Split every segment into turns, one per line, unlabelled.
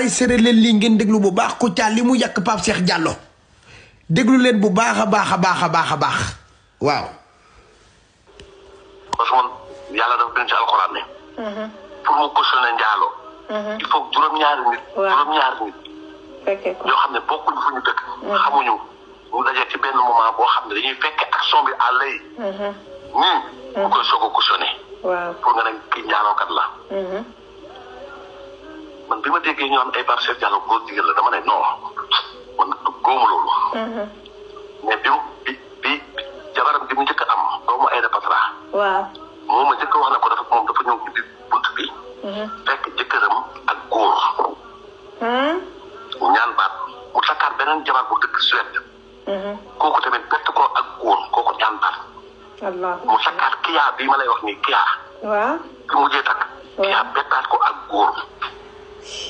enregistré leen lii ngeen déglu bu baax Kouthia li mu yàq Pape Cheikh jàllo déglu leen bu baax a baax a baax a baax a baax waaw.
parce que man yàlla dafa bind ci alxuraan ne. Mhm. pour mu cautionner njaalo. Mhm. il faut xam ne bokkuñ mhm. xamuñu mu daje ci benn moment boo xam ne dañuy fekke action bi à l'œil. nii. mu koy soog a cautionner. pour nga ne kii njaalookat la. man bi ma déggee ñu am ay parcelles Diallo góor jigéen la dama ne non man góomu loolu. Mhm. mais bi bi jabaram bi mu njëkk a am doomu Aida Patra. waaw moom ma njëkk wax na ko dafa moom dafa ñëw ubbi bunt bi. Mhm. fekk jëkkëram ak góor. Hmm? ñaan baat mu takkaat beneen jabar bu mhm. ñaan baat. mu takkaat kiyaa bii ma lay wax nii kiyaa. waaw bi mu mujjee takk. kiyaa bett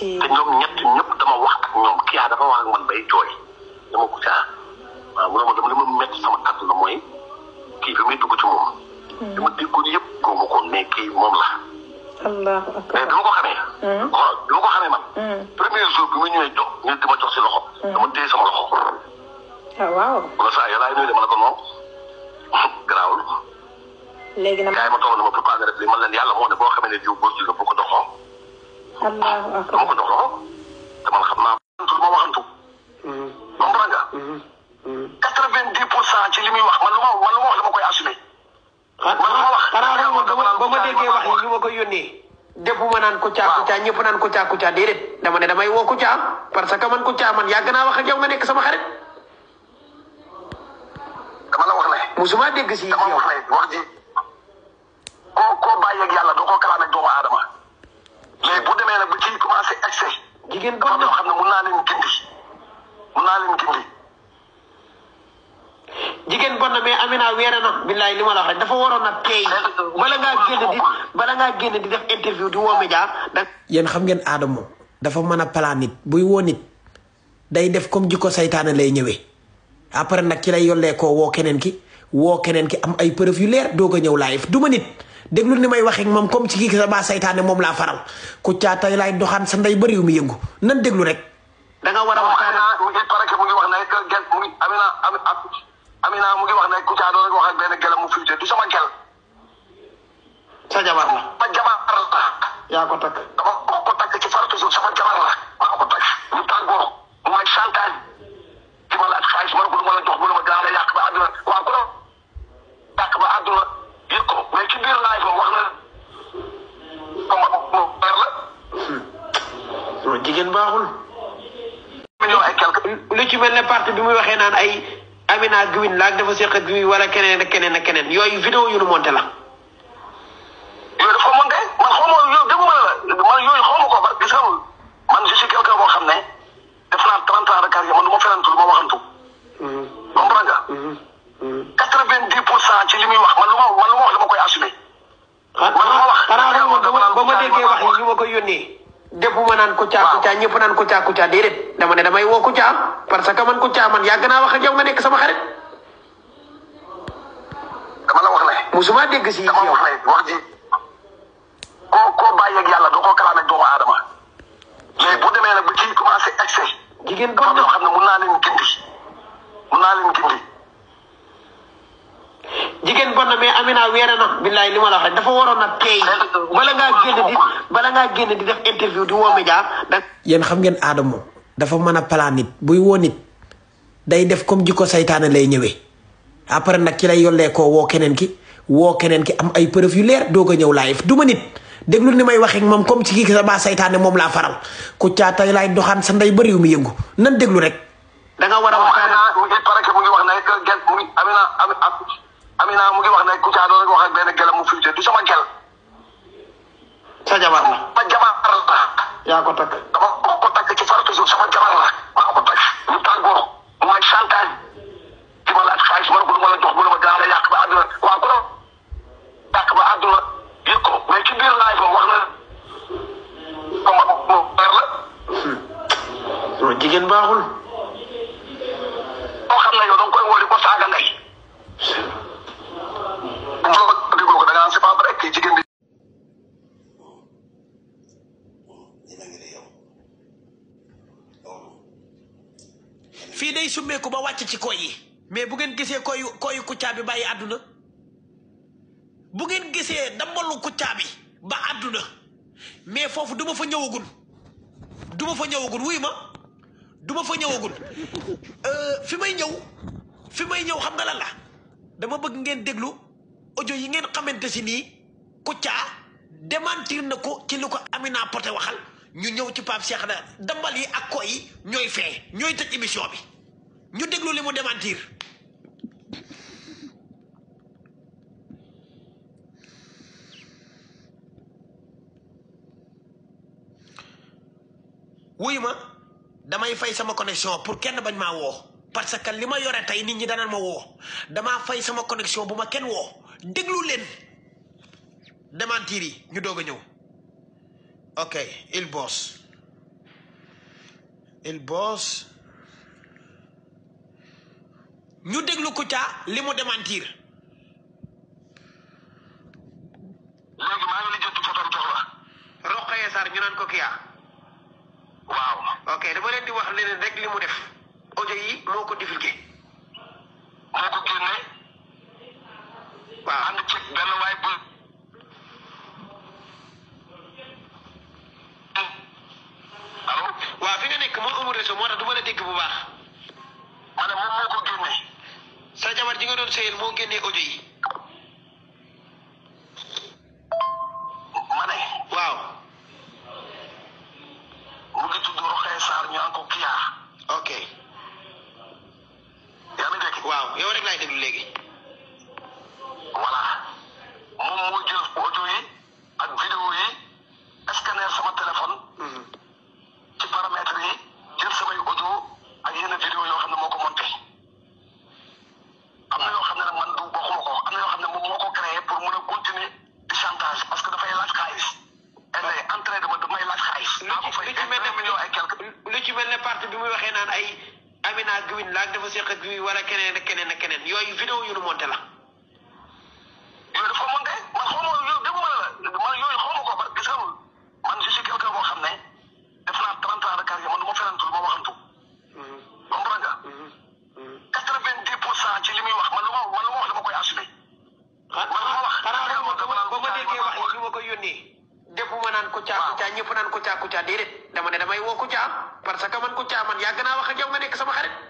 te ñoom ñett ñëpp dama wax ak ñoom dafa wax ak man bay jooy dama ko caa waaw munoo ma dama dama metti sama àdduna mooy kii bi muy dugg ci moom. li hmm. ma déggoon yëpp moomu ko mais kii moom ko xamee. xool bi ma ko hmm. hmm. ñëwee jox ñu dama jox si loxo. dama téye sama loxo. ah waaw. wala saa yoo laay nuyu dama la ko noonu
garaawul. léegi na
ma préparé rek li man leen ne boo xamee ne jiw boo jiw la bu ko
allahu akbar ma ko
jox loxo ma waxantu. Mm-hmm. comprends nga. Mm-hmm. Mm-hmm. quatre vingt dix pour cent ci li muy wax man lu ma man lu ma wax dama koy assumer. Ah, man lu ma wax
xanaa ba ma déggee wax yi ñu ko yónnee. dépp ma naan Kouthia Kouthia ñëpp naan Kouthia Kouthia dama ne damay woo Kouthia parce que man Kouthia man yàgg naa wax ak yow nga nekk sama xarit. la wax ne. musuma dégg si yow dama wax ne wax ji.
koo koo doo koo kalaan
jigéen góor ñoo xam ne mun naa leen gindi bon na mais Amina weere na billaay li ma la dafa waroon a tey bala ngaa génn di bala interview di woo média da yéen xam ngeen aadam moom dafa mën a palaanit buy woo nit day def comme jikko seytaane lay ñëwee après nag ci lay yollee koo woo keneen ki woo keneen ki am ay preuve yu leer a ñëw live duma nit déglu ni may waxee moom comme ci kii sa baa saytaane moom laa faral Kouthia tey laay doxaan sa ndey ba réew mi yëngu nan déglu rek.
da nga war a wax mu ngi parce que mu ngi wax ne gel mu ngi Amina wax a Kouthia doon wax ak benn gelam mu fuité du sama gel. sa jabar la. ma jabar yaa ko takk. dama ko takk ci faratu suuf sama jabar la.
ngeen baaxul. lu ci mel ne parti bi muy waxee naan ay Amina Guèye laag dafa seq ak wala keneen ak keneen ak keneen yooyu vidéo yu monté la. naan ko Kouthia Kouthia ñëpp naan Kouthia Kouthia déedéet dama ne damay woo Kouthia parce que man Kouthia man yàgg naa wax ak yow nga nekk sama xarit. la wax ne. musuma dégg si yow dama wax
ne wax ji koo koo bàyyi yàlla doo ko kalaame doomu aadama
mais bu demee nag ba ci commencé excès. jigéen boo xam na mun naa leen na mais Amina na billaay li la wax dafa waroon a tey bala ngaa génn di bala ngaa génn di def interview di woo média da yéen xam ngeen Adamo dafa mën a palaanit buy woo nit day def comme jikko saytaane lay ñëwee après nag ci lay yoon koo woo ki woo keneen ki am ay preuve yu leer a ñëw live du ma nit déglu ni may waxee moom comme ci kii sa baa saytaane moom laa faral ku caa laay doxaan sa ndey bëriw mi yëngu nan déglu rek.
Amina mu ngi wax ne Kouthia doon wax ak benn gelam mu fuite du sama gel. sa jabar la. ma jabar la. yaa ko takk. dama ko takk ci faratu suuf sama jabar la. maa ko takk lu tàggoo mooy chantage. ci ma laaj xaalis ma ne ko du ma la jox bu la ma daal yàq ba àdduna waaw ku la yàq ba àdduna yëg ko mais ci biir laaj moom wax na la. moom moom
la. jigéen baaxul. fii day summeeku ba wàcc ci koy yi mais bu ngeen gisee koyu koyu kuccaa bi bàyyi àdduna bu ngeen gisee dambalu kuccaa bi ba àdduna mais foofu duma fa ñëwagul duma fa ñëwagul wuy ma duma fa ñëwagul euh, fi may ñëw fi may ñëw xam nga lan la dama bëgg ngeen déglu audio yi ngeen xamante si nii kuccaa démentir na ko ci li ko Amina Poté waxal ñu ñëw ci Pape Cheikh na dambal yi ak ko yi ñooy fee ñooy tëj émission bi ñu déglu li mu démentir wuy ma damay fay sama connexion pour kenn bañ maa woo parce que li ma yore tey nit ñi danaan ma woo damaa fay sama connexion bu ma kenn woo déglu leen démentir yi ñu doog a ñëw Ok, il boss. il boss. ñu déglu Kouthia li mu démentir. léegi maa ñu naan ko Kya. waaw. ok dama leen di wax leneen rek li mu def. audio yi moo ko divulgué. moo ko génne. waaw waaw fi nga nekk moo amul réseau moo tax du ma la dégg bu baax.
ma ne
sa jabar ji nga doon sëyal moo génnee audio yi. ak dafa seq ak bii wala keneen ak keneen ak keneen yooyu vidéo yu nu monté la.
yooyu dafa monté ma yooyu déggu ma la man yooyu xaw ko ba gis nga man je naa trente ans de carrière man du ma fenantul ma waxantu. Mhm. comprends nga. Mhm. Mhm. quatre
vingt dix pour cent ci li muy wax man lu dama koy assumer. man lu ma wax xanaa xanaa ba ma ko yónnee. dëpp dama ne woo Kouthia parce que man Kouthia man yàgg wax ak nekk sama xarit.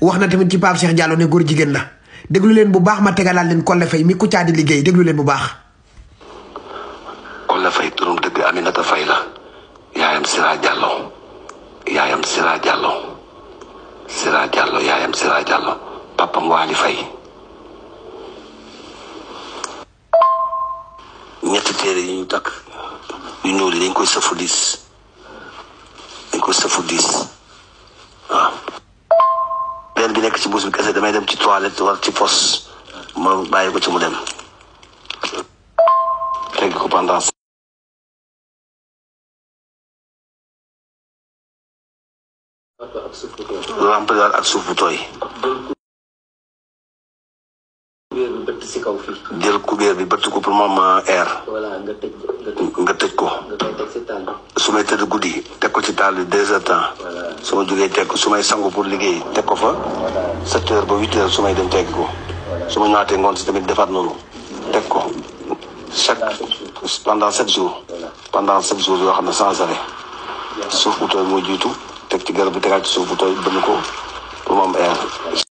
wax na tamit ci Pape Cheikh Diallo ne góor jigéen la déglu leen bu baax ma tegalaal leen Kolle Faye mi Kouthia di liggéey déglu leen bu baax.
Kolle Faye turam dëgg Aminata fay la yaayam Sira Diallo yaayam Sira Diallo Sira Diallo yaayam ñetti téere ñu takk yu ñuul yi dañ koy safu diis dañ koy safu diis. nekk ci bus bi kese damay dem ci toilette wala ci pos ma bàyyi ko ci mu dem. fekk ko pendant remplir ak suuf bu tooy. jël kubéer bi bëtt ko pour moom euh, air. ko. su may tëdd guddi teg ko ci taal bi deux heures temps su ma jógee teg ko su may sangu pour liggéey teg ko fa sept heures ba huit heures su may dem teg ko su ma ñëwaatee ngoon si tamit defaat noonu teg ko chaque pendant sept jours pendant sept jours yoo xam ne sans arrêt suuf bu tooy moo jiitu teg ci garab bi tegaat ci suuf bu tooy bënn ko pour mu am